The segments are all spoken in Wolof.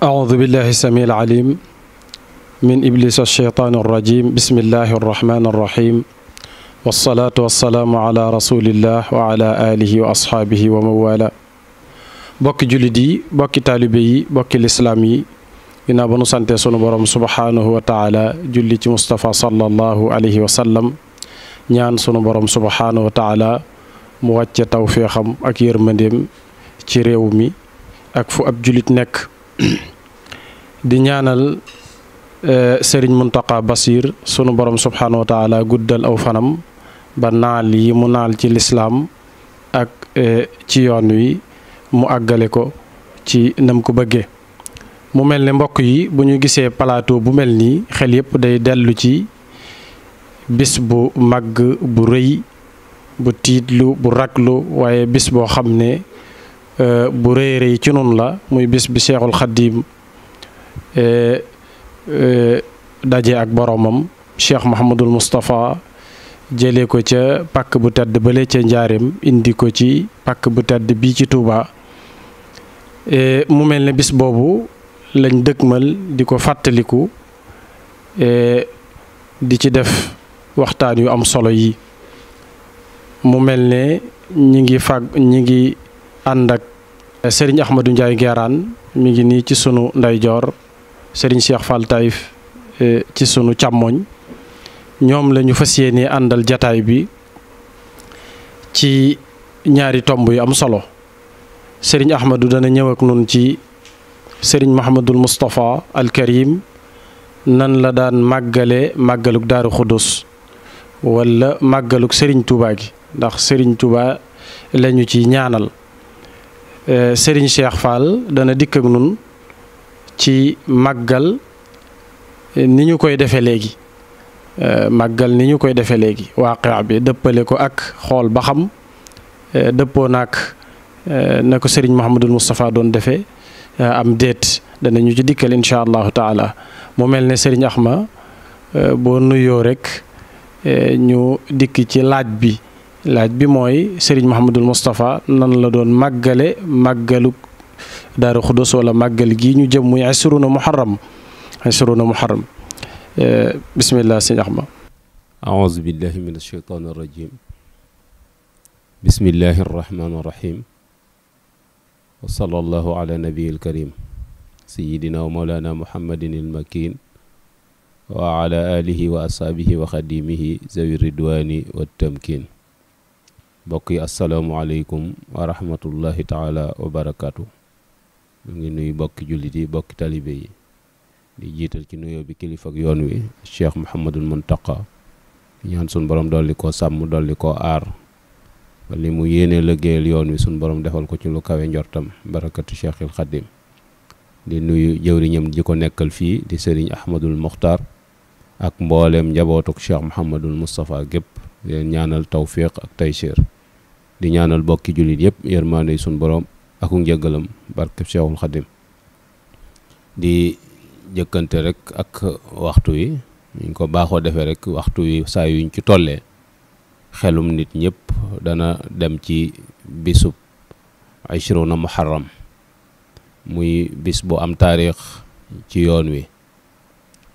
أعوذ بالله السميع العليم من إبليس الشيطان الرجيم بسم الله الرحمن الرحيم والصلاة والسلام على bokki jullit yi bokki taalibe bokki lislaam yi ba nu sante sunu borom subhaanahu wa taala julli ci Mustafa sallallahu alayhi wa sallam ñaan sunu borom subhaanahu wa taala mu wàcce tawféexam ak yërmandeem ci réew mi ak fu ab jullit nekk di ñaanal eh, sëriñ Muntaqa Basiir sunu borom subhaanahu wa guddal aw fanam ba naal yi mu naal ci lislaam ak eh, ci yoon wi mu àggale ko ci nam ko bëgge mu mel ni mbokk yi bu ñu gisee palaatoo bu mel nii xel yépp day dellu ci bis bu màgg bu rëy bu tiitlu bu raglu waaye bis boo xam ne eh, bu rëy rëy ci nun la muy bis bi Seexul Xaddiim E, e, daje ak boromam Cheikh Mouhamadul Moustapha jëlee ko ca pàkk bu tedd ba bële ca njaareem indi ko ci pàkk bu tedd bii ci Touba e, mu mel ne bis boobu lañ dëgmal di ko fàttaliku di ci def waxtaan yu am solo yi mu mel ne ñi ngi fàgg ñi ngi ànd ak Serigne Ahmadou Ndiaye Guerane mi ngi nii ci sunu ndeyjoor Serigne Cheikh Fall Taïf eh, ci sunu càmmoñ ñoom lañu ñu fas yéenee àndal jataay bi ci ñaari tomb yu am solo Serigne Ahmadou dana ñëw ak ci sëriñ Mahamadul Moustapha al Karim nan la daan màggale màggaluk Daaru Xudus wala màggaluk Serigne Touba gi ndax sëriñ Touba lañu ci ñaanal Euh, Serigne Cheikh Fall dana dikk ak nun ci màggal euh, ni ñu koy defee léegi euh, màggal ni ñu koy defee léegi waa waaqia bi dëppale ko ak xool ba xam dëppoo naag na ko Serigne Mouhamadul Moustapha doon defee am déet danañu ci dikkal incha allahu taala mu mel ne Serigne ma boo nuyoo rek ñu dikk ci laaj bi. laaj bi mooy Serigne Mouhamadul Moustapha nan la doon màggale màggalu Daaru wala màggal gi ñu jëm muy asruna muharram asruna muharram eh, bismillah sëñ Axma aouzu billahi min asheytaan arrajim bismillahi arrahmaan arrahim wa sallallahu ala nabiyi alkarim sayidina wa mawlana muhammadin almakin wa ala alihi wa tamkin mbokk yi asalaamualeykum wa taala wa barakaatu ñu ngi nuyu bokki jullit yi bokki talibe yi di jiital ci nuyoo bi kilifa yoon wi cheikh Mouhamadul Muntaqa ñaan sun borom dolli koo sàmm dolli ko aar ba li mu yéene liggéeyal yoon wi sun borom defal ko ci lu kawe njortam barakatu cheikhil xadim di nuyu jëwriñam ji ko nekkal fii di sëriñ Ahmadul Muxtar ak mboolem njabootuk cheikh Mouhamadul Moustapha gépp leen ñaanal tawfiq ak taysiir di ñaanal bokki jullit yëpp yërmaande suñ boroom ak njëggalam barkeb Seexul Xadim di jëkkante rekk ak waxtu wi ñu ko baaxoo defee rek waxtu wi saa yuñ ci tollee xelum nit ñëpp dana dem ci bisub ashruna muharram muy bis bu am taarix ci yoon wi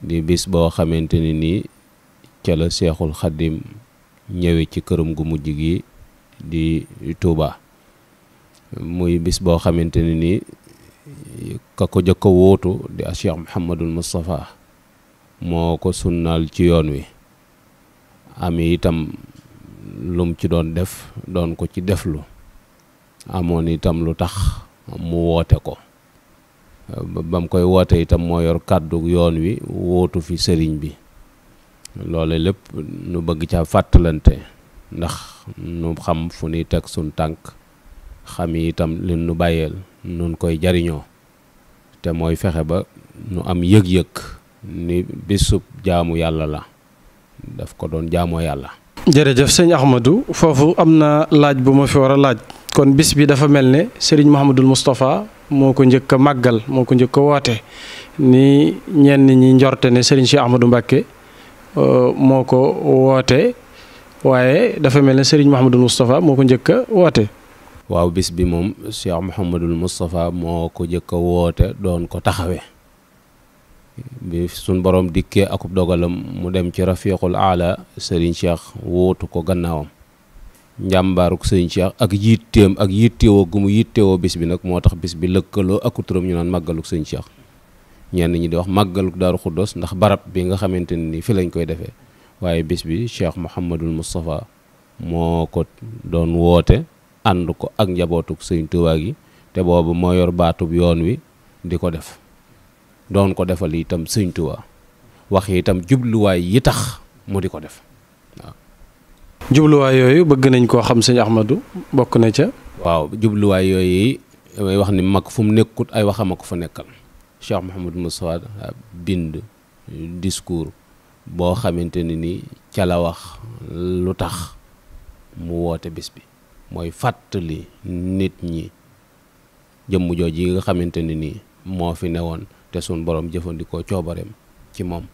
di bis boo xamante ni nii ca seexul xaddim ñëwee ci këram gu mujj gi di tuuba muy bis boo xamante ne nii ka ko jëkk a wóotu di a Cheikh Mouhamadul Moustapha moo ko sunnaal ci yoon wi ami itam lum ci doon def doon ko ci deflu amoon itam lu tax mu woote ko ba mu koy woote itam moo yor kàddu yoon wi wóotu fi sëriñ bi loole lépp nu bëgg caa fàttalante ndax nu xam fu nuy teg suñ tànk xam itam li nu bàyyeel nun koy jariñoo te mooy fexe ba nu am yëg-yëg ni bisub jaamu yàlla la daf ko doon jaamoo yàlla jërëjëf sëñ Ahmadou foofu am na laaj bu ma fi war a laaj kon bis bi dafa mel ne sëriñ Mouhamadul Moustapha moo ko njëkk a màggal moo ko njëkk a woote ni ñenn ñi njorte ne sëriñ Cheikh Ahmadou Mbacké euh, moo ko woote waaye dafa mel ne Serigne Mouhamadul Moustapha moo ko njëkk woote. waaw bis bi moom Cheikh Mouhamadul Moustapha moo ko njëkk woote doon ko taxawe bi suñ borom dikkee akut dogalam mu dem ci rafiqul aala Serigne Cheikh wootu ko gannaawam. njàmbaaruk sëriñ Cheikh ak yitteem ak yittewoo gu mu yittewoo bis bi nag moo tax bis bi lëkkaloo ak turam ñu naan màggaluk sëriñ Cheikh ñenn ñi di wax màggaluk daaru xuddos ndax barab bi nga xamante ni fi lañ koy defee waaye bis bi cheikh Mouhamadul Moustapha moo ko doon woote ànd ko ak njabootuk sëñ Tuubaa gi te boobu moo yor baatu yoon wi di ko def doon ko defal itam sëñ Tuubaa wax itam jubluwaay yi tax mu di ko def jubluwaay yooyu bëgg nañ koo xam sëñ Ahmadou bokk na ca. waaw jubluwaay yooyu damay wax ni mag fu mu nekkut ay waxama ko fa nekkal Cheikh Mouhamadou Moustapha bind discours. boo xamante ne ni ca la wax lu tax mu woote bis bi mooy fàttali nit ñi jëmm jooju yi nga xamante ne ni moo fi newoon te sun borom jëfandikoo coobareem ci moom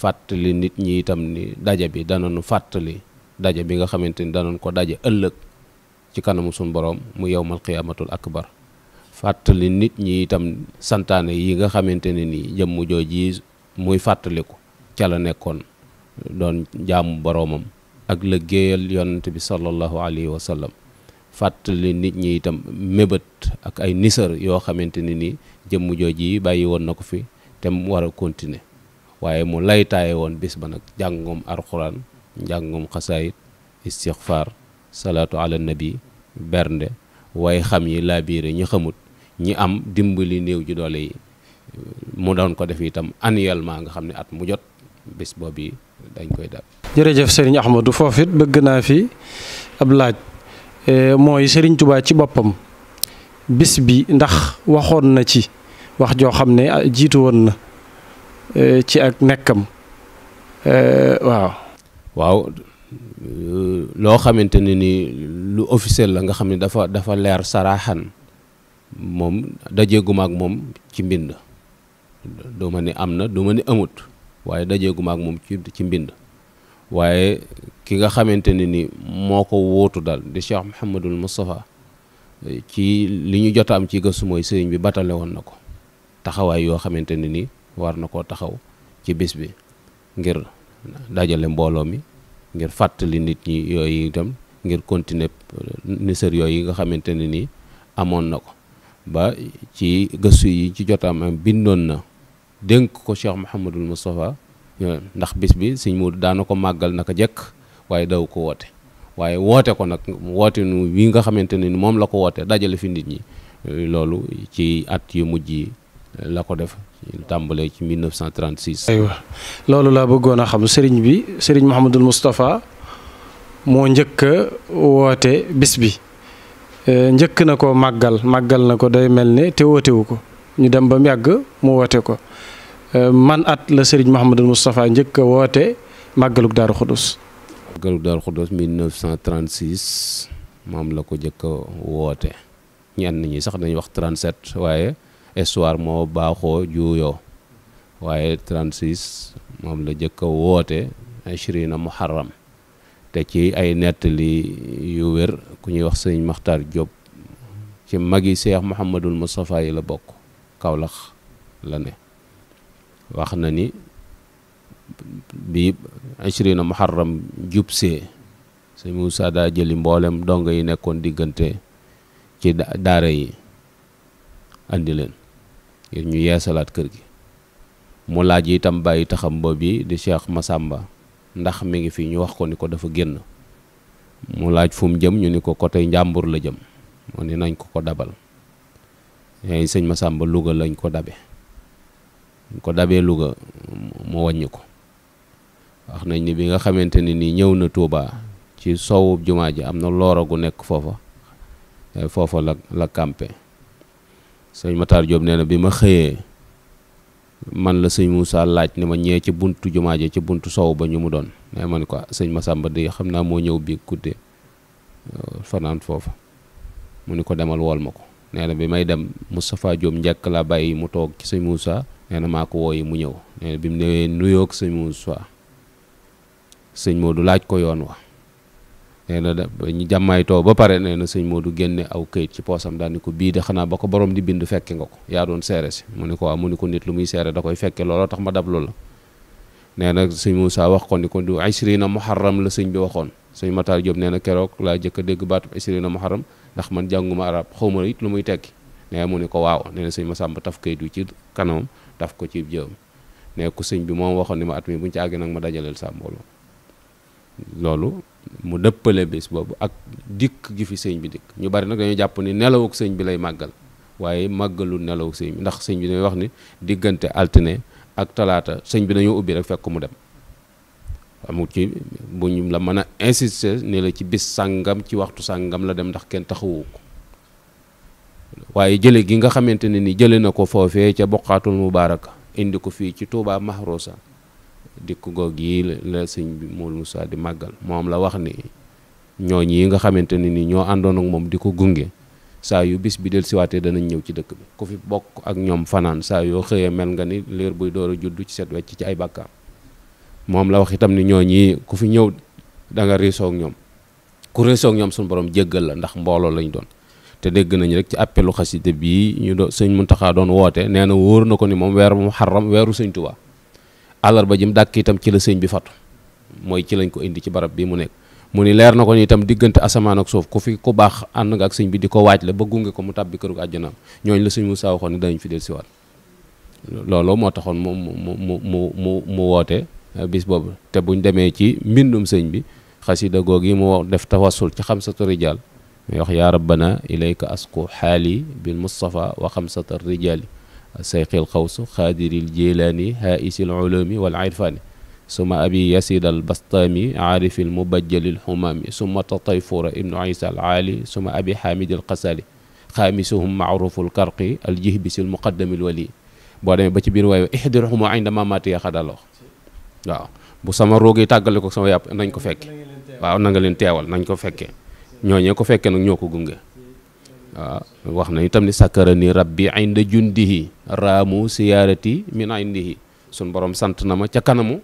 fàttali nit ñi itam ni daje bi danañu fàttali daje bi nga xamante ni danañ ko daje ëllëg ci kanamu suñ borom mu yowmal qiyaamatul akbar fàttali nit ñi itam santaane yi nga xamante ne ni jëmm jooju yi muy fàttali ko ca la nekkoon doon jaamu boroomam ak liggéeyal yonent bi sallallahu alayhi wa sallam fàttali nit ñi itam mébét ak ay nisar yoo xamante ne ni jëmm jooj yi bàyyi woon na ko fi te mu war a waaye mu laytaaye woon bis ba nag njàngum alxuraan njàngum xasaayit istixfaar salaatu ala nabi bernde waaye xam yi laa biire ñi xamut ñi am dimbali néew ji doole yi mu doon ko def itam annuellement nga xam ne at mu jot bés boobu yi dañ koy dal. jërëjëf sëriñ Ahmadou foofu it bëgg naa fi ab laaj eh, mooy sëriñ Touba ci boppam bis bi ndax waxoon na ci wax joo xam ne ah, jiitu woon na eh, ci ak nekkam eh, waaw. waaw loo xamante ne ni lu officiel la nga xam ne dafa dafa leer saraaxan moom dajeeguma ak moom ci mbind du ma ni am na du ma ni amut. waaye dajeeguma ak moom ci ci mbind waaye ki nga xamante ne ni moo ko wóotu dal di Cheikh Mouhamadul Moustapha ci li ñu jot am ci gëstu mooy sëriñ bi batale woon na ko taxawaay yoo xamante ne ni war na koo taxaw ci bis bi ngir dajale mbooloo mi ngir fàttali nit ñi yooyu itam ngir continuer nisër yooyu nga xamante ne ni amoon na ko ba ci gëstu yi ci jotaam am bindoon na dénk ko Cheikh Mouhamadul Moustapha ndax bis bi sëñ mu daana ko màggal naka jekk waaye daw ko woote waaye woote ko nag woote nu wi nga xamante ne ni moom la ko woote dajale fi nit ñi loolu ci at yu mujj yi la ko def tàmbalee ci 1936. aywa loolu laa bëggoon a xam sëriñ bi sëriñ Mouhamadul Moustapha moo njëkk woote bis bi eh, njëkk na ko màggal màggal na ko day mel ne te wootewu ko. ñu dem ba mu yàgg mu woote ko euh, man at la Serigne Mouhamadou Moustapha njëkk a woote màggalug Daaru Xudus. màggalug Daaru Xudus 1936 moom la ko njëkk a woote ñenn ñi sax dañuy wax 37 waaye histoire moo baaxoo juuyoo waaye 36 moom la njëkk a woote Ashrina Muharram te ci ay nettali yu wér ku ñuy wax sëñ Makhtar Diop ci magi Cheikh Mouhamadul Moustapha yi la bokk. Kaolack la ne wax na ni bi ashrina muharram jub see sëñ Moussa daa jëli mboolem dongo yi nekkoon diggante ci daara yi andi leen ngir ñu yeesalaat kër gi mu laaj itam bàyyi taxam boobu yi di ma Massamba ndax mi ngi fi ñu wax ko ni ko dafa génn mu laaj fu jëm ñu ni ko côté njàmbur la jëm mu ni nañ ko ko dabal yaa sëñ sàmba Louga lañ ko dabe ko dabee Louga mu waññi ko wax nañ ni bi nga xamante ne nii ñëw na tuubaa ci soow jumaa ji am na looro gu nekk foofa eh, foofa la la campé sëñ Matar Diop nee na bi ma xëyee man la sëñ Moussa laaj ni ma ñee ci buntu jumaa ji ci buntu soow ba ñu mu doon mais eh, man quoi ah, sëñ ma sàmba de xam naa moo ñëw bi guddee eh, fanaan foofa mu ni ko demal wool ma ko nee na bi may dem Moustapha Diop njëkk laa bàyyi mu toog ci sëñ Moussa nee na wooyi mu ñëw nee bi mu newee nuyook ak sëñ Moussa sëñ du laaj ko yoon wa nee na ñu jàmmaay too ba pare nee na sëñ Modou génne aw këyit ci poosam daal ni ko bii de xanaa ba ko borom di bind fekke nga ko yaa doon mu ne ko waaw mu ne lu muy seere da koy fekke looloo tax ma dab la nee na sëñ Moussa wax ko ni ko du Ishrina Muharram la sëñ bi waxoon sëñ Matar Diop nee na keroog laa jëkk a dégg baatu Ishrina Muharram ndax man jànguma arab xawma it lu muy tekki ne mu ni ko waaw nee na sëñ Masamba taf kayit wi ci kanamam taf ko ci jëm ne ko sëñ bi moom waxoon ni ma at mi bu ñu ci àggee nag ma dajaleel sa loolu mu dëppale bés boobu ak dikk gi fi sëñ bi dikk ñu bari nag dañoo jàpp ni nelawuk sëñ bi lay màggal waaye màggalu nelawuk sëñ bi ndax sëñ bi dañuy wax ni diggante altine ak talaata sëñ bi dañoo ubbi rek fekk mu dem amul ci bu ñu la mën a insister ne la ci bis sàngam ci waxtu sàngam la dem ndax kenn taxawu ko waaye jële gi nga xamante ne ni jële na ko foofee ca boqaatul mubaaraka indi ko fii ci Touba Mahrousa dikk goog yi la sëñ bi Moul Moussa di màggal moom la wax ni ñooñ yi nga xamante ne ni ñoo àndoon ak moom di ko gunge saa yu bis bi del siwaatee danañ ñëw ci dëkk bi ku fi bokk ak ñoom fanaan saa yoo xëyee mel nga ni liir buy door a juddu ci set wecc ci ay bàkkaar moom la wax itam ni ñoo ñii ku fi ñëw da nga réesoo ñoom ku réesoo ñoom suñ borom jëggal la ndax mbooloo lañ doon te dégg nañu rek ci appelu xasida bii ñu do sëñ Muntaxa doon woote nee na wóor na ko ni moom weer mu xaram weeru sëñ Tuubaa àllarba jëm dàkk itam ci la sëñ bi fatu mooy ci lañ ko indi ci barab bi mu nekk mu ni leer na ko ni itam diggante asamaan ak suuf ku fi ku baax ànd nga ak sëñ bi di ko waaj la ba gunge ko mu tàbbi këru àjjanaam ñooñ la sëñ Musaa waxoon ni dañu fi si siwaat loolu moo taxoon mu mu mu mu mu woote Euh, bis boobu te buñ demee ci mbindum sëñ bi xasida goog yi mu def tawassul ci xamsatu rijaal muy wax yaa rabbana ilayka asku xaali bil mustafa wa xamsata rijaali sayqil xawsu xaadiril jilaani haaisil ulumi wal irfaani suma abi yasid al bastaami aarifil mubajjalil xumaami suma tatayfura ibnu isa al aali suma abi xaamid al xasali xaamisuhum maaruful karqi al jihbisil muqaddamil wali boo demee ba ci biir waaye ihdirhumu inda mamatiya xadalox waaw bu sama roog yi tàggale ko sama yàpp nañ ko fekke waaw na nga leen teewal nañ ko fekkee ñooñee ko fekkee nag ñoo ko gunge waaw wax na nañu tam ni sakkara ni rabbi inda jundihi raamu siyaarati min indihi suñ borom sant na ma ca kanamu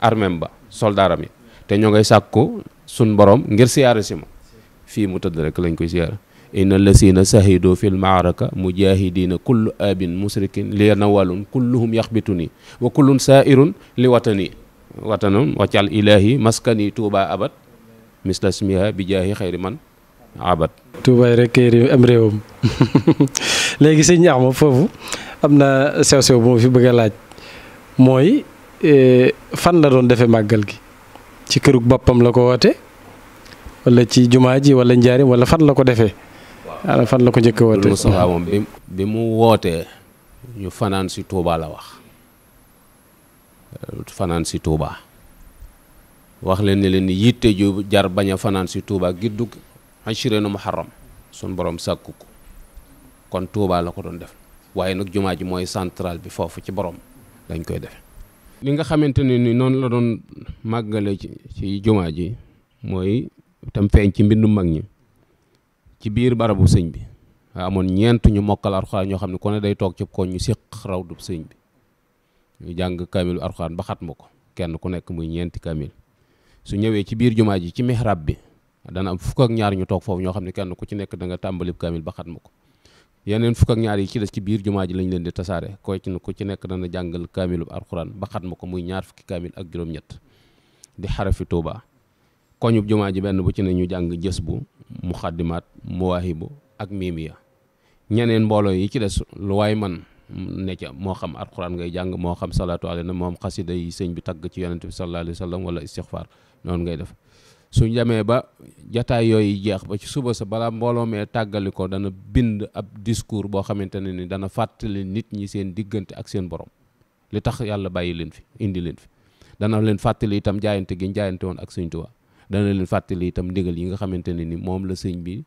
armem ba soldaaram yi te ñoo ngay sàkku suñ borom ngir siyaare ma fii mu tëdd rek lañ koy siyaare inna lasina sahidu fil maaraka mujahidina kullu abin musrikin li nawalun kulluhum yaxbituni wa kullun saairun li watani watanum waccal ilahi maskani tuuba abad mislasmiha bi jaahi xayri man abad tuubaay rek kay am réewam léegi sëñ ñaax ma foofu am na sew sew bu ma fi bëgg a laaj mooy fan la doon defe màggal gi ci kërug boppam la ko woote wala ci jumaa ji wala njaarim wala fan la ko defee ana fan la ko njëkk a wootee Moustapha moom bi bi mu wootee ñu fanaan si Touba la wax euh, fanaan si Touba wax leen ne leen yitte ju jar bañ a fanaan si tuubaa Touba na ashirenu muharram sun borom sàkku kon Touba la ko doon def waaye nag jumaa ji mooy central bi foofu ci boroom dañ koy defe li nga xamante ne ni noonu la doon màggale ci ci jumaa ji mooy tam feeñ ci mbindu mag ñi ci biir barabu sëñ bi amoon ñeent ñu mokkal arxuraan ñoo xam ne ku ne day toog ci koñ ñu siq rawdu sëñ bi jàng kaamil arxuraan ba ma ko kenn ku nekk muy ñeenti kaamil su ñëwee ci biir jumaa ji ci mihrab bi dana am fukk ak ñaar ñu toog foofu ñoo xam ne kenn ku ci nekk da nga tàmbalib kaamil ba xat ma ko yeneen fukk ak ñaar yi ci des ci biir jumaa ji lañ leen di tasaare ko ci ku ci nekk dana jàngal kaamilub arxuraan ba xat ma ko muy ñaar fukki kaamil ak juróom-ñett di fi Tuubaa koñub jumaa ji benn bu ci ne ñu jàng jës bu mu xaddimaat mu waahibu ak miimiya ñeneen mbooloo yi ci des lu waay man ne moo xam alxuraan ngay jàng moo xam salaatu alayhi na moom xasida yi sëñ bi tagg ci yonent bi sallallahu alayhi wa sallam wala istixfaar noonu ngay def suñ demee ba jataay yooyu jeex ba ci suba sa balaa mbooloo mee tàggali ko dana bind ab discours boo xamante ne ni dana fàttali nit ñi seen diggante ak seen borom li tax yàlla bàyyi leen fi indi leen fi dana leen fàttali itam jaayante gi ñu jaayante woon ak Sëñ Tuubaa dana leen fàttali itam ndigal yi nga xamante ne ni moom la sëñ bi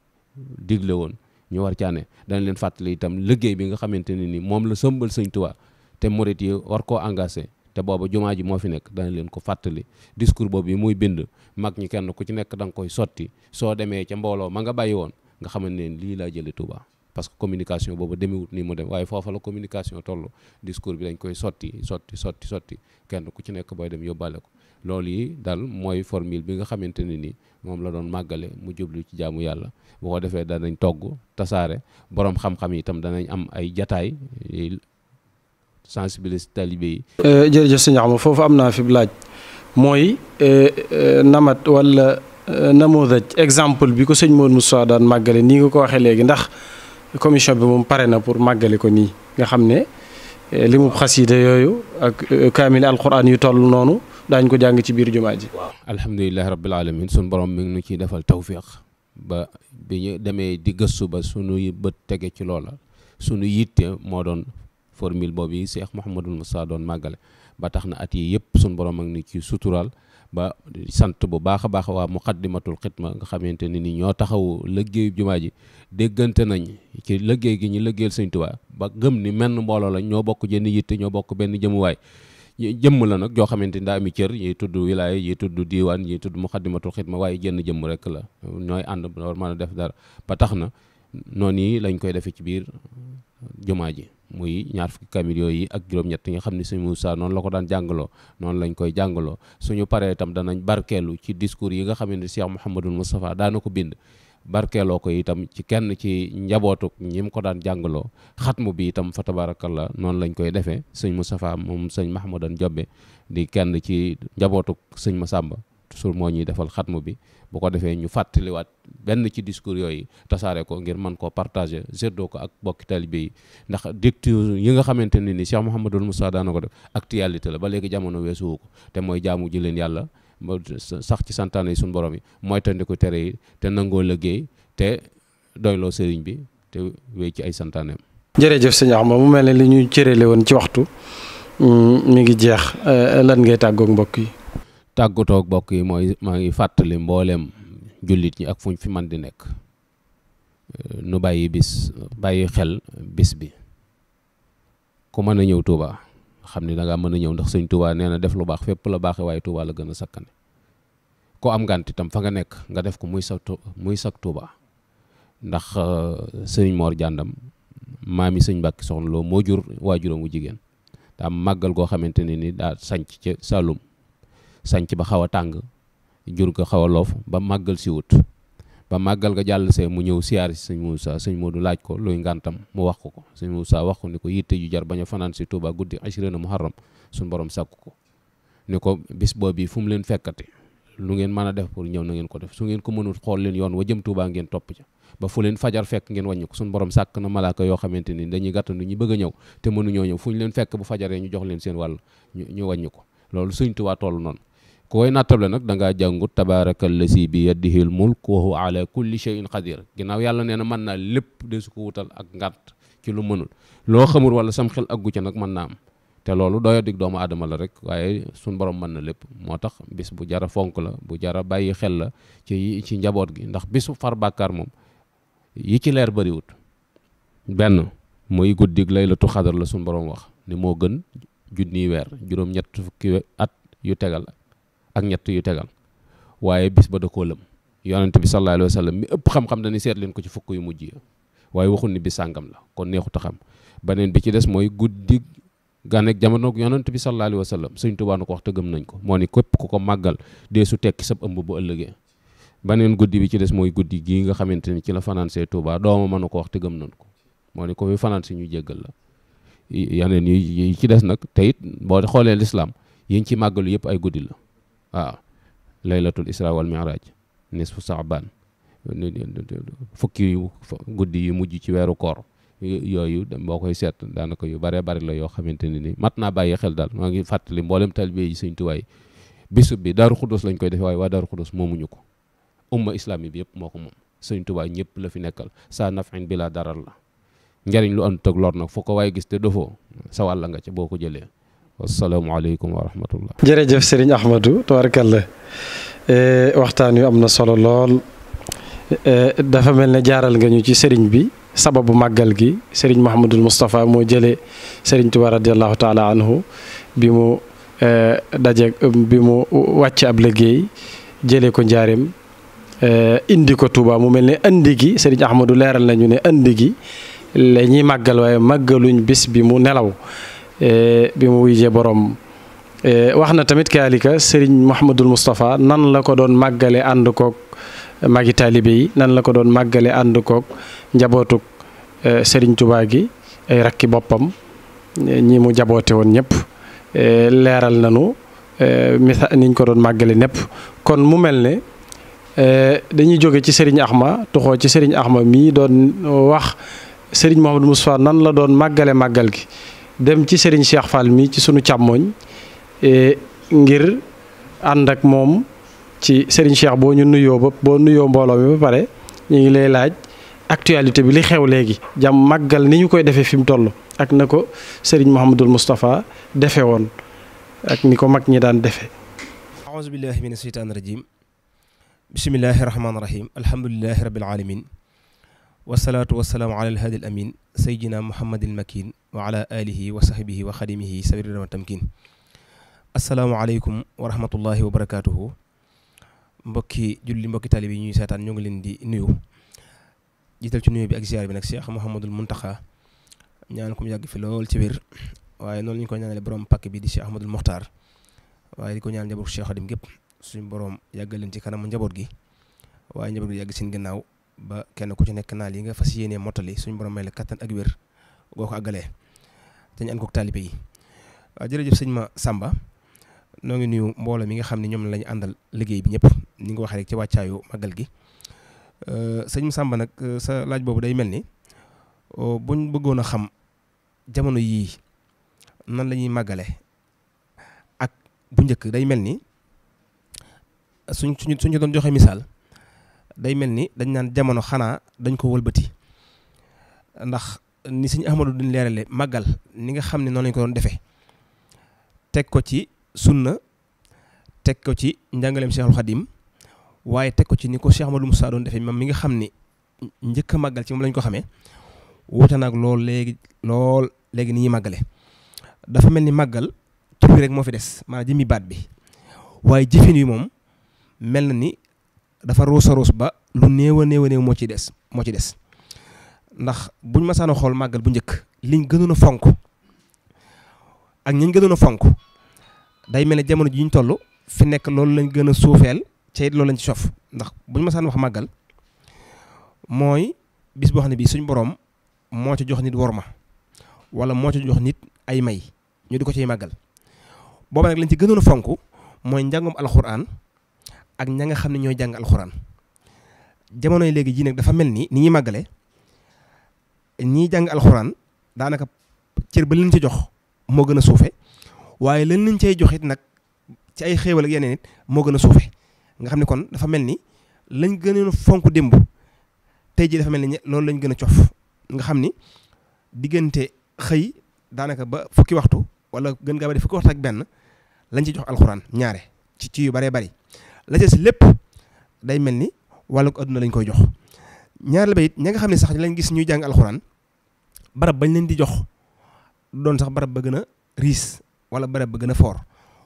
digle woon ñu war caane dana leen fàttali itam liggéey bi nga xamante ne ni moom la sëmbal sëñ Tuubaa te murit yi war koo engagé te booba jumaa ji moo fi nekk dana leen ko fàttali discours boobu yi muy bind mag ñu kenn ku ci nekk da koy sotti soo demee ca mbooloo ma nga bàyyi woon nga xamante ne lii laa jële Tuubaa parce que communication boobu demewut nii mu dem waaye foofa la communication toll discours bi dañ koy sotti sotti sotti sotti kenn ku ci nekk booy dem yóbbaale ko loolu yi daal mooy formule bi nga xamante ne ni moom la doon màggale mu jublu ci jaamu yàlla boo ko defee danañ togg tasaare boroom xam-xam yi itam danañ am ay jataay sensibiliser talibé yi. Euh, jërëjëf sëñ Axma foofu am naa fi laaj mooy euh, euh, namat wala namoodaj exemple bi ko sëñ mu Moussa daan màggale nii nga ko waxee léegi ndax commission bi moom pare na pour màggale ko nii nga xam ne li mu xasida yooyu ak kaamil alquran yu toll noonu. daañ ko jàng ci biir jumaa ji waaw alhamdulilahi rabbil alamin suñ borom mi ngi nu ciy defal tawfiq ba bi ñu demee di gëstu ba suñuy bët tege ci loola sunu yitte moo doon formule boobu yi Cheikh Mouhamadul Moussa doon màggale ba tax na at yi yëpp suñ borom ak ni ci sutural ba sant bu baax a baax waa muqaddimatul xidma nga xamante ne ni ñoo taxawu liggéeyu jumaa ji déggante nañ ci liggéey gi ñu liggéeyal Sëñ Tuubaa ba gëm ni menn mbooloo lañ ñoo bokk jenn yitte ñoo bokk benn jëmuwaay jëmm la nag joo xamante ni daa ami cër yi tudd wilaaya yi tudd diiwaan yi tudd muxaddimatul xidma waaye jenn jëmm rek la ñooy ànd war mën a def dara ba tax na noon yi lañ koy defee ci biir jumaa ji muy ñaar fukki kamil yooyu ak juróom-ñett nga xam ne sëñ Moussa noonu la ko daan jàngaloo noonu lañ koy jàngaloo suñu paree tam danañ barkeelu ci discours yi nga xam ne Cheikh Mouhamadul Moustapha daana ko bind barkeeloo ko itam ci kenn ci njabootuk ñi ko daan jàngaloo xatmu bi itam fa la noonu lañ koy defee sëñ Moustapha moom sëñ Mahmoudan Jobbe di kenn ci njabootuk sëñ Massamba su moo ñuy defal xatmu bi bu ko defee ñu fàttaliwaat benn ci discours yooyu tasaare ko ngir mën koo partager séddoo ko ak bokki talibé yi ndax dicture yi nga xamante ne ni Cheikh Mouhamadul Moustapha daana ko def actualité la ba léegi jamono weesuwu ko te mooy jaamu ji leen yàlla sax ci santaane yi suñu borom yi mooy ko tere yi te nangoo liggéey te doyloo sëriñ bi te wéy ci ay santaaneem jërëjëf sëñ Axma mu mel ne li ñuy cërale woon ci waxtu mm, mi ngi jeex euh, lan ngay tàggoog mbokk yi tàggatoog mbokk yi mooy maa ngi fàttali mbooleem jullit ñi ak fuñ fi man di nekk euh, nu bàyyi bis bàyyi xel bis bi ku mën a ñëw Tuuba xam ne da mën a ñëw ndax sëñ Touba nee def lu baax fépp la baaxee waaye Touba la gën a sakkane koo am ngànt itam fa nga nekk nga def ko muy sa muy sak Touba ndax euh, sëñ Mor jàndam maami sëñ Mbàkke soxna loo moo jur juróom wu jigéen daa màggal goo xamante ne ni daa sañc ca Saloum sañc ba xaw a tàng jur ko xaw a loof ba màggal si ba màggal ga jàll see mu ñëw siyaar si sëñ Moussa sëñ Modou laaj ko luy ngàntam mu wax ko ko sëñ saa wax ko ni ko yitte ju jar bañ a fanaan si Touba guddi ashrina muharram suñ borom sàkku ko ni ko bis boobu fu mu leen fekkati lu ngeen mën a def pour ñëw na ngeen ko def su ngeen ko mënul xool leen yoon wa jëm Touba ngeen topp ca ba fu leen fajar fekk ngeen wàññi ko suñ borom sàkk na malaaka yoo xamante ni dañuy gàttandu ñu bëgg a ñëw te mënuñoo ñëw fu ñu leen fekk bu fajaree ñu jox leen seen wàll ñu wàññi ko loolu sëñ Touba noonu koy nattable nag da ngaa jàngut tabaarakal lasi bi yaddihil mulk wa huwa ala kulli shay'in qadir ginnaaw yàlla nee na mën naa lépp de su ko wutal ak ngàtt ci lu mënul loo xamul wala sam xel aggu ca nag mën naa am te loolu doya dig doomu aadama la rek waaye suñ boroom mën na lépp moo tax bis bu jara fonk la bu jara bàyyi xel la ci ci njaboot gi ndax bisu far bàkkaar moom yi ci leer bëriwut benn muy guddig laylatu xadar la suñ borom wax ni moo gën junniy weer juróom-ñett fukki at yu tegal ak ñett yu tegal waaye bis ba da koo lëm yonent bi sallallahu alayhi wa sallam mi ëpp xam-xam dañuy seet leen ko ci fukk yu mujj yi waaye waxul ni bi sàngam la kon neexut a xam beneen bi ci des mooy guddi gànneeg jamono yonent bi sallallahu alayhi wa sallam Sëñ Tuubaa na ko wax te gëm nañ ko moo ni képp ku ko màggal dee tekki sab ëmb bu ëllëgee beneen guddi bi ci des mooy guddi gii nga xamante ni ci la fanaan see Tuubaa dooma mënu ko wax te gëm nañ ko moo ni ko fi fanaan si ñu jéggal la yeneen yi ci des nag te it boo xoolee lislaam yi ñu ci màggalu yëpp ay guddi la waaw laylatul isra wal miraaj nisfu saabaan fukki guddi yu mujj ci weeru koor yooyu boo koy seet daanaka yu bare bari la yoo xamante ne ni mat naa bàyyi xel daal maa ngi fàttali mboolem talibé yi Sëñ Tuubaa bisub bi daaru xudus lañ koy defee waaye waa daaru xudus moomuñu ko umma islaami bi yëpp moo ko moom Sëñ Tuubaa ñëpp la fi nekkal saa nafin bi laa daral la njariñ lu ànd ak lor nag foo ko waaye gis te dofoo sa wàll nga ca boo ko jëlee wasalaamualeykum wa rahmatullah. jërëjëf Serigne Ahmadou tabarakalla eh, waxtaan wi am na solo lool eh, dafa mel ne jaaral nga ñu ci sëriñ bi sababu màggal gi sëriñ Mouhamadul Moustapha moo jëlee Serigne Touba radiallahu taala anhu bi mu eh, daje bi mu wàcc ab liggéey jëlee ko njaareem indi ko Touba mu mel ne indi gi Serigne Ahmadou leeral nañu ne indi gi la ñuy màggal waaye màggaluñ bis bi mu nelaw. Eh, bi mu wuyjee borom eh, wax na tamit kaalika sëriñ Mouhamadul Moustapha nan la ko doon màggale ànd koog magi nan la ko doon màggale ànd koog eh, sëriñ Tuubaa gi rakki boppam ñi mu jaboote woon ñëpp leeral nanu misa niñ ko doon màggale ñëpp kon mu mel ne dañuy jóge ci sëriñ Axma tuxoo ci sëriñ Axma mii doon wax sëriñ Mouhamadul Moustapha nan la doon màggale màggal gi dem ci Serigne Cheikh Fall mi ci suñu càmmooñ e ngir ànd ak moom ci Serigne Cheikh boo ñu nuyoo ba boo nuyoo mbooloo mi ba pare ñu ngi lay laaj actualité bi li xew léegi. jàmm màggal ni ñu koy defee fi mu toll ak na ko Serigne Mouhamadul Moustapha defe woon ak ni ko mag ñi daan defee. aouzu billahi mina sheytaani rajim bismillahi rahmaani rahim alhamdulillahi rabbil alamin wasalaatu wasalaamu ala alhaadi al amin sayyidina muhammadil makin wa ala alihi wa sahbihi wa xadimihi sabiri wa tamkin asalaamualeykum wa rahmatullahi wa barakaatuhu mbokki julli mbokki tali bi ñuy seetaan ñoo ngi leen di nuyu jiital ci nuyu bi ak ziar bi nag Cheikh Mouhamadul Mountakha ñaan ko yàgg fi lool ci wér waaye noonu ñu ko ñaanale borom pàkk bi di Cheikh Ahmadul Mokhtar waaye di ko ñaan njaboot Cheikh Xadim gépp suñu boroom yàggal leen ci kanamu njaboot gi waaye njaboot gi yàgg seen ginnaaw ba kenn ku ci nekk naa li nga fas yéenee mottali suñu borom may la kattan ak wér goo ko àggalee te ñu ànd koog taalibe yi waaw ah, jërëjëf sëñ ma Samba noo ngi nuyu mbooloo mi nga xam ne ñoom la ñu àndal liggéey bi ñëpp ni nga waxee rek ci wàccaayu màggal gi ah, sëñ ma Samba nag ah, sa laaj boobu day mel ni buñ bëggoon a xam jamono yii nan lañuy màggale ak bu njëkk day mel ni suñ suñ suñ doon joxe misaal. day mel ni dañ naan jamono xanaa dañ ko walbati ndax ni sëñ Ahmadu duñ leerale màggal ni nga xam ne noonu lañ ko doon defee teg ko ci sunna teg ko ci njàngaleem Cheikhul Khadim waaye teg ko ci ni ko Cheikh Ahmadou Moussa doon defee moom mi nga xam ni njëkk a màggal lañ ko xamee wuute nag lool léegi lool léegi ni ñuy màggale dafa mel ni màggal tur bi des maanaam jëmmi baat bi moom mel na ni dafa ruus a ruus ba lu néew a néew moo ci des moo ci des ndax buñ masaana xool màggal bu njëkk liñ gënoon a fonk ak ñiñ gënoon a fonk day mel ne jamono ji ñu toll fi nekk loolu lañ gën a suufeel ca it loolu lañ ci sof ndax buñ masaan wax màggal mooy bis boo xam ne bii suñ boroom moo ci jox nit worma wala moo ci jox nit ay may ñu di ko ciy màggal booba nag lañ ci gënoon a fonk mooy njàngum alxuraan ak ña nga xam ne ñooy jàng alxuraan jamonoy léegi jii nag dafa mel ni ni ñuy màggale ñiy jàng alxuraan daanaka cër ba leen ci jox moo gën a suufe waaye leen lañ cay joxit nag ci ay xéewal ak moo gën a suufe nga xam ne kon dafa mel ni lañ gën fonk démb tey jii dafa mel ni loolu lañ gën a cof nga xam ni diggante xëy daanaka ba fukki waxtu walla gën gaa bari fukki waxtu ak benn lañ ci jox alxuraan ñaare ci ci yu baree bari la ca si lépp day mel ni wàllu ko adduna lañ koy jox ñaar la ba it ña nga xam ne sax lañ gis ñuy jàng alxuraan barab bañ leen di jox doon sax barab ba gën a riis wala barab ba gën a foor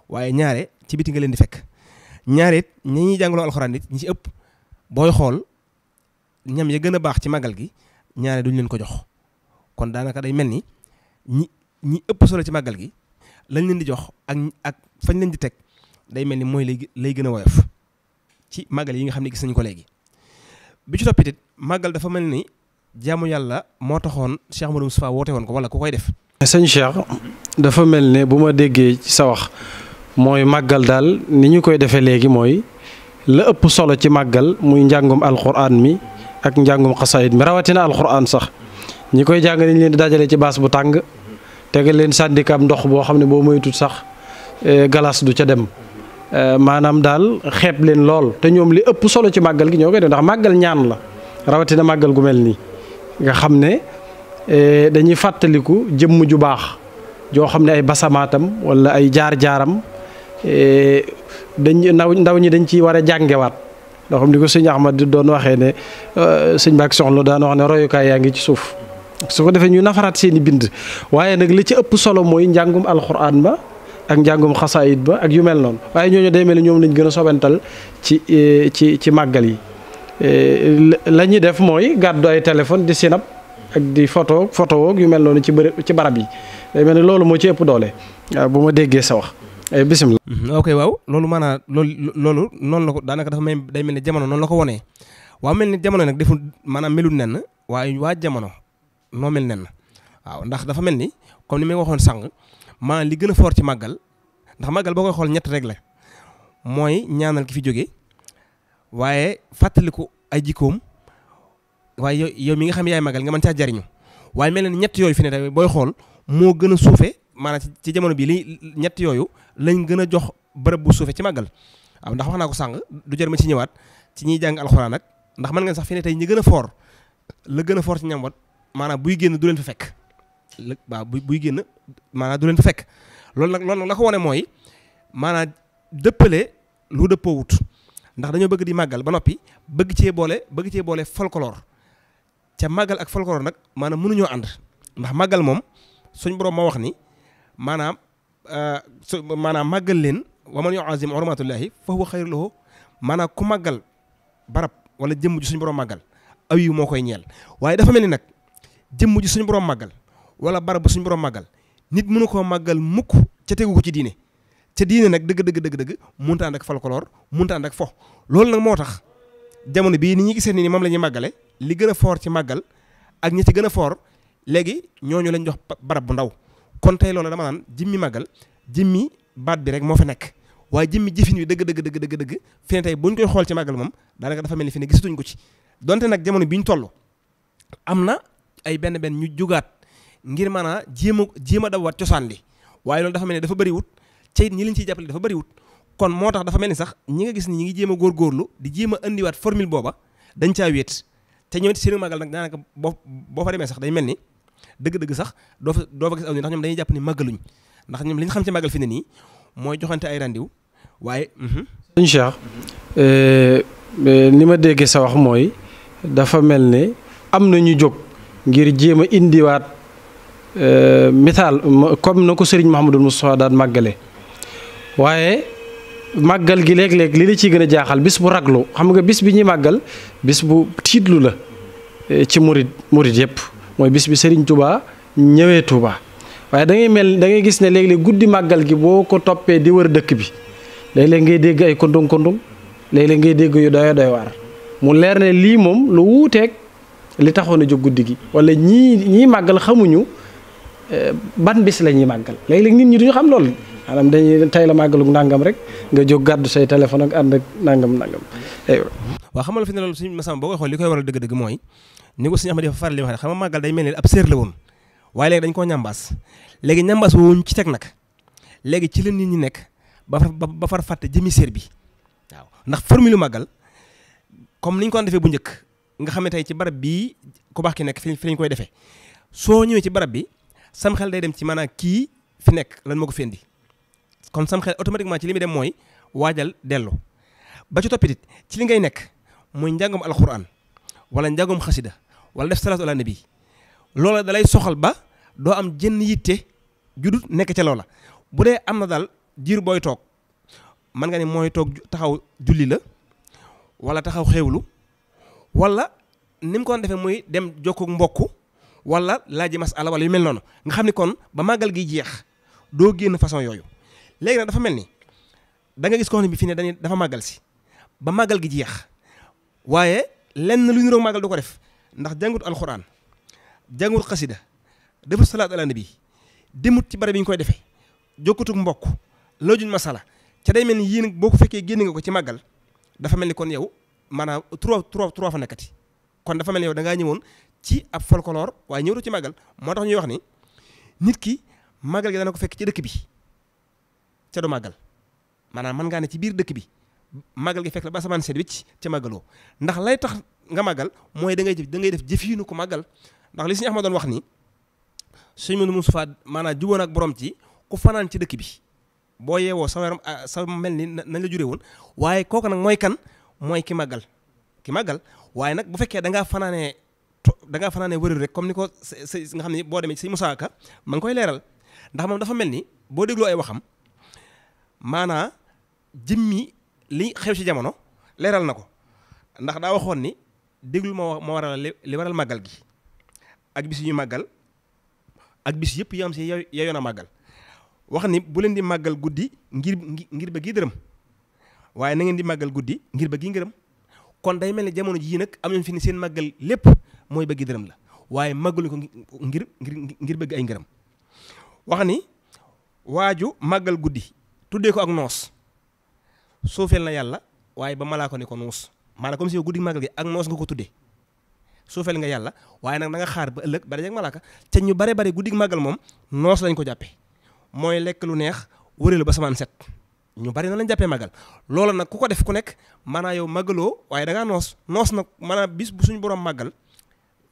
waaye ñaare ci biti nga leen di fekk ñaare it ñi ñuy jàngaloo alxuraan it ñi ci ëpp booy xool ñam ya gën a baax ci màggal gi ñaare duñ leen ko jox kon daanaka day mel ni ñi ñi ëpp solo ci màggal gi lañ leen di jox ak ak fañ leen di teg day mel ni mooy lay lay gën a woyof ci màggal yi nga xam ne gis nañu ko léegi bi ci toppit màggal dafa mel ni jaamu yàlla moo taxoon Cheikh Modou Moustapha woote woon ko wala ku koy def. sëñ Cheikh dafa mel ne bu ma déggee ci sa wax mooy màggal daal ni ñu koy defee léegi mooy la ëpp solo ci màggal muy njàngum alxuraan mi ak njàngum xasaayit mi rawatina alxuraan sax ñi koy jàng dañ leen di dajale ci baas bu tàng tegal leen sàndikaam ndox boo xam ne boo moytut sax eh, galas du ca dem. Euh, maanaam daal xeeb leen lool te ñoom li ëpp solo ci màggal gi ñoo koy ndax màggal ñaan la rawatina màggal gu mel nii nga xam ne eh, dañuy fàttaliku jëmm ju baax joo xam ne ay basamaatam wala ay jaar-jaaram eh, dañ ndaw ndaw ñi dañ ciy war a jàngewaat loo xam ko sëñ Ahmad di doon waxee ne euh, sëñ Mbàkke Soxna daan wax ne royukaay yaa ngi ci suuf su defee ñuy nafaraat seen i bind waaye nag li ci ëpp solo mooy njàngum alxuraan ba ak njàngum xasaayit ba ak yu mel noonu waaye ñooñu day mel ni ñoom lañ gën a sobental ci e, ci ci màggal yi e, lañuy def mooy gàddu ay téléphone di sinap ak di photo photo yu mel noonu ci bërëb ci barab yi day mel ni loolu moo ci ëpp doole bu ma déggee sa wax e, bisimilah. Mm-hmm, ok waaw loolu maanaam loolu loolu noonu la ko daanaka dafa day mel ni jamono noonu la ko wonee waaw mel ni jamono nag defu maanaam melul nen waaye waa jamono noo mel nen waaw ndax dafa mel ni comme ni ma waxoon sànq. maanaam li gën a fort ci màggal ndax màggal boo koy xool ñett rek la mooy ñaanal ki fi jóge waaye fàttaliku ay jikkoom waaye yow mi nga xam yaay màggal nga man caa jariñu waaye mel na ñett yooyu fi ne tamit booy xool moo gën a suufe ci jamono bii li ñett yooyu lañ gën a jox bërëb bu suufee ci màggal waaw ndax wax naa ko sànq du jar ma ci ñëwaat ci ñiy jàng alxuraan nag ndax mën ngeen sax fi ne tey ñi gën a foor la gën a foor ci ñam wat maanaam buy génn du leen fa fekk lëg waaw buy génn maanaam du leen fekk loolu nag loolu la ko wane mooy maanaa dëppale lu dëppoo wut ndax dañoo bëgg di màggal ba noppi bëgg cee boole bëgg cee boole folklore ca màggal ak folklore nag maanaam mënuñoo ànd ndax màggal moom suñ borom ma wax ni maanaam euh, su maanaam màggal leen wa man yuazim urmatullahi fa huwa xayru lahu maanaam ku màggal barab wala jëmm ji suñu borom màggal aw moo koy ñeel waaye dafa mel ni nag jëmm ji suñu borom màggal wala barab bu suñu borom màggal nit mënu koo màggal mukk ca tegu ko ci diine ca diine nag dëgg dëgg dëgg dëgg mënut a ànd ak folklore mënut a ànd loolu nag moo tax jamono bii ni ñu gisee ni moom la ñuy màggale li gën foor ci màggal ak ñi ci gën a foor léegi ñooñu lañ jox barab bu ndaw kon tey loolu dama naan jëmmi màggal jëmmi baat bi rek moo fa nekk waaye jëmmi jëfin wi dëgg dëgg dëgg dëgg dëgg fi ne xool ci màggal moom daanaka dafa mel ni fi ne gisatuñ ko ci donte nag jamono bi ñu toll am na ay benn benn ñu jugaat ngir mën a jéem a jéem dawaat cosaan li waaye loolu dafa mel ni dafa bëriwut ca it ñi leen ciy jàppale dafa bëriwut kon moo tax dafa mel ni sax ñi nga gis ni ñi ngi jéem a góorgóorlu di jéem a indiwaat formule booba dañ caa wéet te ñoom it seen màggal daanaka boo boo fa sax day mel ni dëgg-dëgg sax doo fa doo fa gis aw ndax dañuy jàpp ni màggaluñ ndax ñoom li ñu xam ci màggal fi ne nii mooy joxante ay randiw waaye. Mhm. sëñ Cheikh ni eh, eh, ma déggee sa wax mooy dafa mel ne am na ñu jóg ngir jéem a indiwaat Euh, misaal comme na ko sëriñ mu Moustapha daan màggale waaye màggal gi léeg-léeg li la ciy gën a jaaxal bis bu raglu xam nga bis bi ñuy màggal bis bu tiitlu la euh, ci murit murit yëpp mooy bis bi sëriñ Touba ñëwee Touba waaye dangay mel da ngay gis ne léeg-léeg guddi màggal gi boo ko toppee di wër dëkk bi léeg-léeg ngay dégg ay kondung kondung léeg-léeg ngay dégg yu doy doy waar mu leer ne lii moom lu wuuteeg li taxoon a jóg guddi gi wala ñii ñii màggal xamuñu. Euh, ban bis la ñuy màggal léeg-léeg nit ñi duñu xam loolu maanaam dañuy tey la màggalug nàngam rek nga jóg gàddu say téléphone ak ànd ak nàngam nàngam waaw xamal fi ne loolu suñu masam boo koy xool li koy waral dëgg-dëgg mooy ni ko suñu Ahmad dafa faral di wax xam nga màggal day mel ni ab séer la woon waaye dañ koo ñambaas léegi ñambaas woowuñ ci teg nag léegi ci la nit ñi nekk ba far ba far fàtte jëmi séer bi waaw ndax formule màggal comme niñ ko defee bu njëkk nga xam ne tey ci barab bii ku baax ki nekk fi fi lañ koy defee soo ñëwee ci barab bi sam day dem ci man maanaam kii fi nekk lan moo ko fendi kon sam xel automatiquement ci li muy dem mooy waajal dellu ba ci toppitit ci li ngay nekk muy njàngum alxuraan wala njàngum xasida wala def salaatu ala nabi loola da soxal ba doo am jënn yitte judut nekk ca loola bu dee am na daal diir booy toog mën nga ne mooy toog taxaw julli la wala taxaw xewlu wala ni kon ko muy dem jokkoog mbokk wala laaji masala wala yu mel noonu nga xam ni kon ba màggal gi jeex doo génn façon yooyu léegi nag dafa mel ni da nga gis ko xam ne bi fi ne dañuy dafa màggal si ba màggal gi jeex waaye lenn lu ñu roog màggal du ko def ndax jàngut alxuraan jàngut xasida defut salaat ala bi dimut ci bare bi ñu koy defee jokkutug mbokk loojuñ masala ca day mel ni yéen boo ko fekkee génn nga ko ci màggal dafa mel ni kon yow maanaam trois trois trois fa nekkati kon dafa mel ni da ngaa ñëwoon ci ab folklore waaye ñëwatu ci màggal moo tax ñuy wax ni nit ki màggal gi dana ko fekk ci dëkk bi ca du màggal maanaam man ngaa ne ci biir dëkk bi màggal gi fekk la ba asamaan seet ci ca màggaloo ndax lay tax nga màggal mooy dangay ngay da ngay def jëfiinu ko màggal ndax li suñu Axmad doon wax ni suñ mënu Mustafaa maanaam juboon ak boroom ci ku fanaan ci dëkk bi boo yeewoo ah, sa yaram mel ni nañ la juree woon waaye kooku nag mooy kan mooy ki màggal ki màggal dangaa ngaa fanaane wërël rek comme ni ko si nga xam ne boo demee si sëñ Moussa Ka ngi koy leeral ndax moom dafa mel ni boo dégloo ay waxam maanaa jëmmi li xew ci jamono leeral na ko ndax daa waxoon ni déglu moo moo waral li waral màggal gi ak bis yu màggal ak bis yëpp yoo am si a màggal wax ni bu leen di màggal guddi ngir ngir ba gii dërëm waaye na ngeen di màggal guddi ngir ba gii ngërëm kon day mel ni jamono jii nag am nañ fi ni seen màggal lépp mooy bëgg dërëm la waaye màggalu ko ngir ngir ngir bëgg ay ngërëm wax ni waaju màggal guddi tuddee ko ak noos suufeel na yàlla waaye ba malaa ko ne ko noos maanaam comme si guddi màggal gi ak noos nga ko tuddee suufeel nga yàlla waaye nag na nga xaar ba ëllëg ba dajeeg malaaka te ñu bare bare guddi màggal moom noos lañ ko jàppee mooy lekk lu neex wëreelu ba samaan set ñu bari na lañ jàppee màggal loolu nag ku ko def ku nekk maanaam yow màggaloo waaye da noos noos nag maanaam bis bu suñu boroom màggal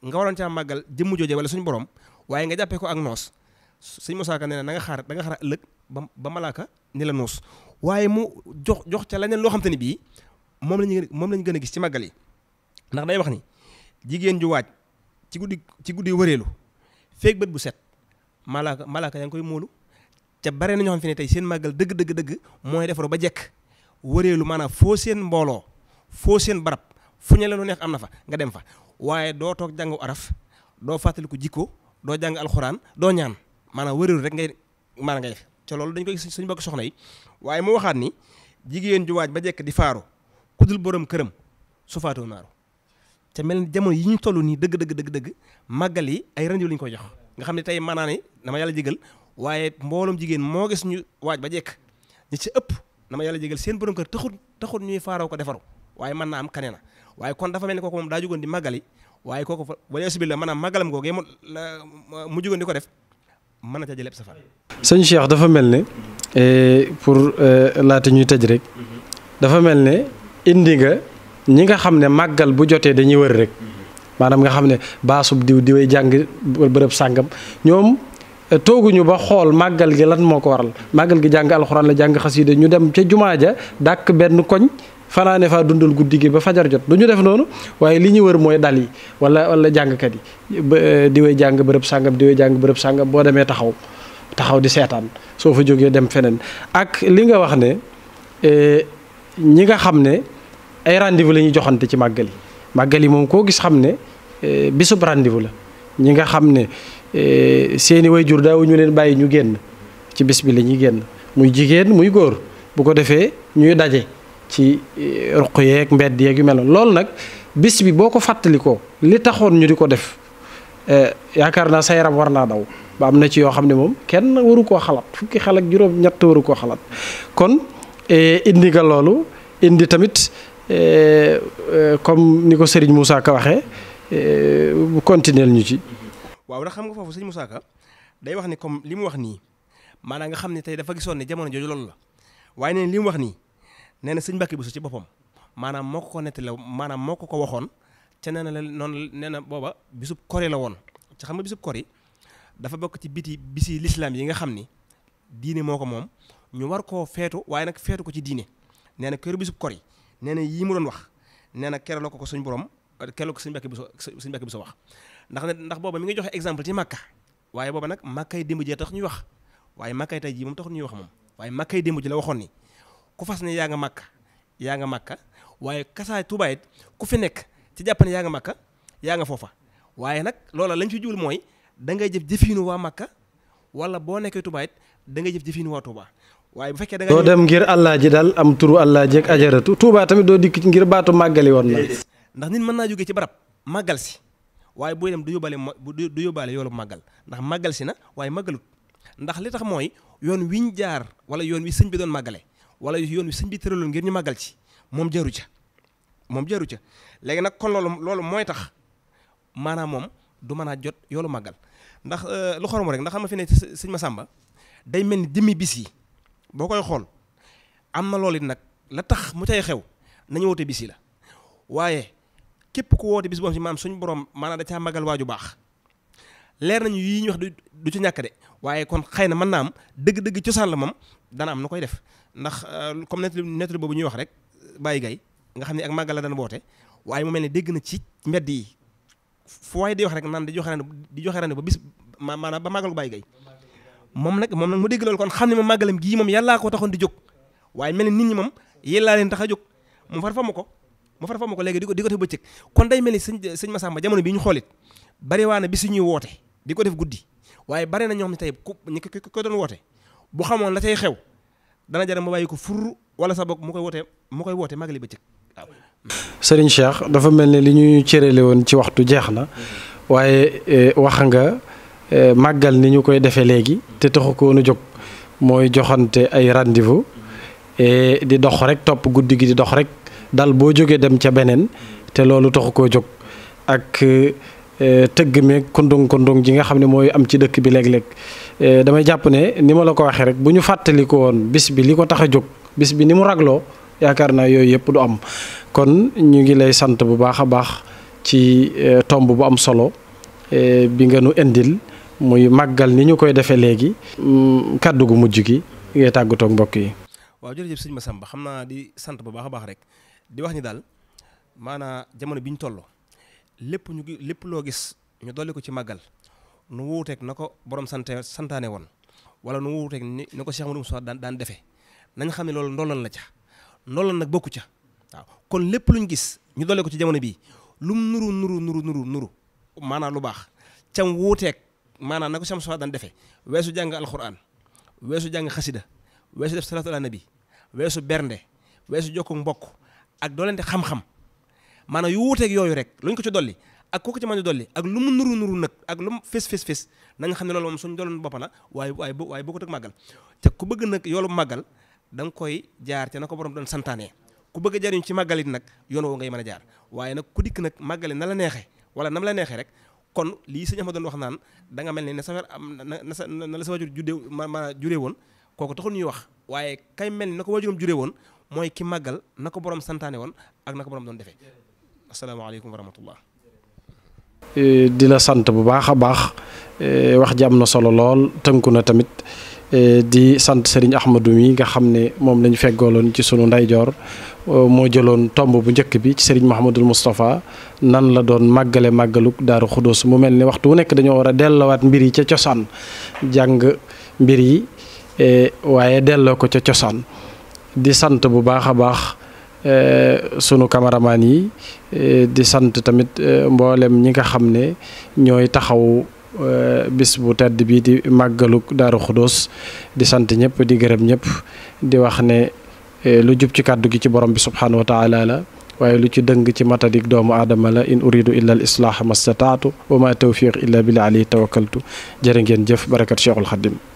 nga waroon caa màggal jëmm jooje wala suñu borom waaye nga jàppee ko ak noos suñ mosaaka nee na nga xaar da nga xaar ëllëg ba ba malaaka ni la noos waaye mu jox jox ca leneen loo xam te bii moom lañu moom lañu gën a gis ci màggal yi ndax day wax ni jigéen ju waaj ci guddi ci guddi wëreelu feeg bët bu set malaaka malaaka yaa ngi koy móolu ca bare na ñoo xam fi ne tey seen màggal dëgg dëgg dëgg mooy defaru ba jekk wëreelu maanaam foo seen mbooloo foo seen barab fu ñu la lu neex am na fa nga dem fa waaye doo toog jàngu araf doo fàttaliku jikko doo jàng alxuraan doo ñaan maanaa wëreelu rek ngay maanaam ngay def ca loolu dañ koy gis suñu bokk soxna yi waaye mu waxaat ni jigéen ju waaj ba jekk di faaru ku dul këram su faatoo naaru te mel ni jamono yi ñu tollu nii dëgg dëgg dëgg dëgg màggal yi ay rendiw la koy jox nga xam ne tey maanaam ni dama waaye mbooloom jigéen moo gis ñu waaj ba jekk ñi ci ëpp na ma yàlla jégal seen borom kër taxut ñuy faaroo ko defaru waaye man naa am kane na waaye kon dafa mel ni kooku moom daa jugoon di màggali waaye kooku fa wala subila maanaam màggalam googee mu mu jugoon di ko def mën na ca jëlee safar sëñ dafa mel ne eh, pour eh, laata ñuy tëj rek mel ne indi ñi nga xam ne màggal bu jotee dañuy wër rek maanaam nga xam ne baasub diw diwee jàng bërëb sàngam ñoom tooguñu ba xool màggal gi lan moo ko waral màggal gi jàng alxuraan la jàng xasida ñu dem ca jumaa ja dàq benn koñ fanaane fa dundal guddi gi ba fajar jot du ñu def noonu waaye li ñu wër mooy dal yi wala wala jàngkat yi eh, di way jàng bërëb sàngam di jàng bërëb sàngam boo demee taxaw taxaw di seetaan soo fa jógee dem feneen ak li nga wax ne eh, ñi nga xam ne ay rendez-vous joxante ci màggal yi màggal yi moom koo gis xam ne eh, bisub rendez-vous la ñi nga xam Eh, seeni way wayjur daawuñu leen bàyyi ñu génn ci bis bi la ñuy génn muy jigéen muy góor bu ko defee ñuy daje ci eh, ruq yeeg mbedd yeeg yu mel noonu loolu nag bis bi boo ko fàttalikoo li taxoon ñu di ko def eh, yaakaar naa sa yaram war naa daw ba am na ci yoo xam ne moom kenn waru koo xalaat fukki xel ak juróom-ñett waru koo xalaat kon indi nga loolu indi tamit comme ni ko Serigne Moussa Ka waxee continuer ñu ci. waaw ndax xam nga foofu sëñ Moussa Ka day wax ni comme li mu wax nii maanaa nga xam ne tey dafa gisoon ne jamono jooju loolu la waaye nee li mu wax nii nee na sëñ Mbàkke bisu ci boppam maanaam moo ko ko nettali la maanaam moo ko ko waxoon ca nee na la noon nee na booba bisub kori la woon ci xam nga bisub kori dafa bokk ci biti bisi lislaam yi nga xam ni diine moo ko moom ñu war koo feetu waaye nag feetu ko ci diine nee na kër bisub kori nee na yii mu doon wax nee na keroog la ko ko suñ borom keroog ko suñ Mbàkke Buso suñ Mbàkke Buso wax ndax ndax booba mi ngi joxe exemple ci màkka waaye booba nag màkkay démb jee tax ñuy wax waaye màkkay tey jii moom taxul ñuy wax moom waaye màkkay démb ji la waxoon ni ku fas ne yaa nga màkka yaa nga màkka waaye kasaay Tuubaa ku fi nekk ci jàpp ne yaa nga màkka yaa nga foofa waaye nag loola lañ fi jublu mooy da ngay jëf jëfiinu waa makka wala boo nekkee Tuubaa it da ngay jëf jëfiinu waa Tuubaa waaye bu fekkee da nga doo dem ngir allah ji daal am turu allah ji ak ajaratu Tuubaa tamit doo dikk ngir baatu màggali woon na ndax nit mën naa jógee ci barab màggal si waaye buy dem du yóbbaale ma du yóbbaale yoolu màggal ndax màggal si na waaye màggalut ndax li tax mooy yoon wi ñu jaar wala yoon wi sëñ bi doon màggale wala yoon wi sëñ bi tëraloon ngir ñu màggal ci moom jaru ca moom jaru ca léegi nag kon loolu loolu mooy tax maanaam moom du mën a jot yoolu màggal ndax euh, lu xorom rek ndax xam nga fi ne sëñ Masamba day mel ni jëmmi bis yi boo koy xool am na loolu it nag la tax mu cay xew nañu woote bis yi la waaye képp ku woote bis boo xam si maam suñu borom maanaam da caa magal waaju baax leer nañu yii ñu wax du ci ñàkk de waaye kon xëy na ma naa am dëgg-dëgg cosaan la moom dana am nu koy def ndax euh, comme nettali nettali boobu ñuy wax rek bàyyi gay nga xam ne ak màggal la daan woote waaye mu mel ne dégg na ci mbedd yi fu waaye di wax rek naan di joxe ren di joxe ren ba bis maanaam ba màggal ko bàyyi gay moom nag moom nag mu dégg loolu kon xam ne ma màggalam gii moom yàllaa ko taxoon di jóg waaye mel ne nit ñi moom yéen laa a jóg mu far fa ma ko ma far fomm ko léegi di ko di ko def bëccëg kon day mel ni sëñ ma Massamba jamono bi ñu xoolit bari waa na bi ñuy woote di ko def guddi waaye bari na ñoo xam ne tey ku ñi ko doon woote bu xamoon la cay xew dana jar ma bàyyi ko fur wala sa bokk mu koy woote mu koy woote magali bëccëg waaw sëriñ Cheikh dafa mel ne li ñu cërale woon ci waxtu jeex na waaye eh, wax nga eh, màggal ni ñu koy defee léegi te taxu ko woon a jóg mooy joxante ay rendez-vous eh, di dox rek topp guddi gi di dox rek dal boo jógee dem ca beneen te loolu taxu koo jóg ak eh, tëgg meeg kondong kondong ji nga xam ne mooy am ci dëkk bi léeg-léeg eh, damay jàpp ne ni ma la ko waxee rek bu ñu fàttali woon bis bi li ko tax a jóg bis bi ni mu ragloo yaakaar naa yooyu yëpp du am kon ñu ngi lay sant bu baax a baax ci eh, tomb bu am solo bi nga nu indil muy màggal ni ñu koy defee léegi mm, kàddu gu mujj gi ngay tàggatoo mbokk yi. waaw jërëjëf sëñ Massamba xam naa di sant bu baax a baax rek. di wax ni daal maanaa jamono bi ñu toll lépp ñu lépp loo gis ñu dolli ko ci màggal nu wuuteek na ko borom sante santaane woon wala nu wuuteeg ni na ko Cheikh Modou Moussa daan daan defee nañ xam ne loolu ndollan la ca ndollan nag bokku ca waaw kon lépp luñ gis ñu dolli ko ci jamono bii lum nuru nuru nuru nuru nuru maanaa lu baax cam wuuteeg maanaam na ko Cheikh Moussa daan defee weesu jàng alxuraan weesu jàng xasida weesu def salaatu ala bi weesu bernde weesu jokku mbokk ak doolante xam-xam maanaam yu wuuteeg yooyu rek luñ ko ci dolli ak kooku ci mën a dolli ak lu mu nuru nuru nag ak mu fés fés na nga xam ne loolu moom suñ doloon boppa la waaye waaye waaye bokkut ak màggal te ku bëgg nag yoolu màggal da koy jaar na ko borom doon santaane ku bëgg a jariñ ci màggal nag yoon woo ngay mën a jaar waaye nag ku dikk nag màggale na la neexee wala nam la neexee rek kon lii sëñ Ahmadu doon wax naan da mel ne na sa na sa na la sa wajur juddee ma ma juree woon kooku taxul ñuy wax waaye kay mel ni na ko wajuram juree woon mooy ki màggal na ko borom santaane woon ak na ko borom doon defee asalaamaaleykum wa rahmatullah eh, di la sant bu baax a baax eh, wax ji am na solo lool tënku na tamit eh, di sant Serigne Ahmadou mi nga xam ne moom lañu feggooloon ci sunu ndeyjoor moo jëloon tomb bu njëkk bi ci Serigne Mouhamadul Moustapha nan la doon màggale màggaluk Daaru Xudóos mu mel ni waxtu wu nekk dañoo war a delloowaat mbir yi ca cosaan jàng mbir yi waaye delloo ko ca cosaan di sant bu baax a baax eh, sunu cameraman yi eh, di sant tamit eh, mboolem ñi nga xam ne ñooy taxaw bis bu tedd bi di màggalu Daaru Xudóos di sant ñëpp di gërëm ñëpp di wax ne lu jub ci kàddu gi ci borom bi subhaanahu wa taala la waaye lu ci dëng ci matadik doomu aadama la in uridu illa al islaaha mastataatu wa ma tawfiq illa billah alayhi tawakkaltu jërë ngeen jëf barakat cheikhul xadim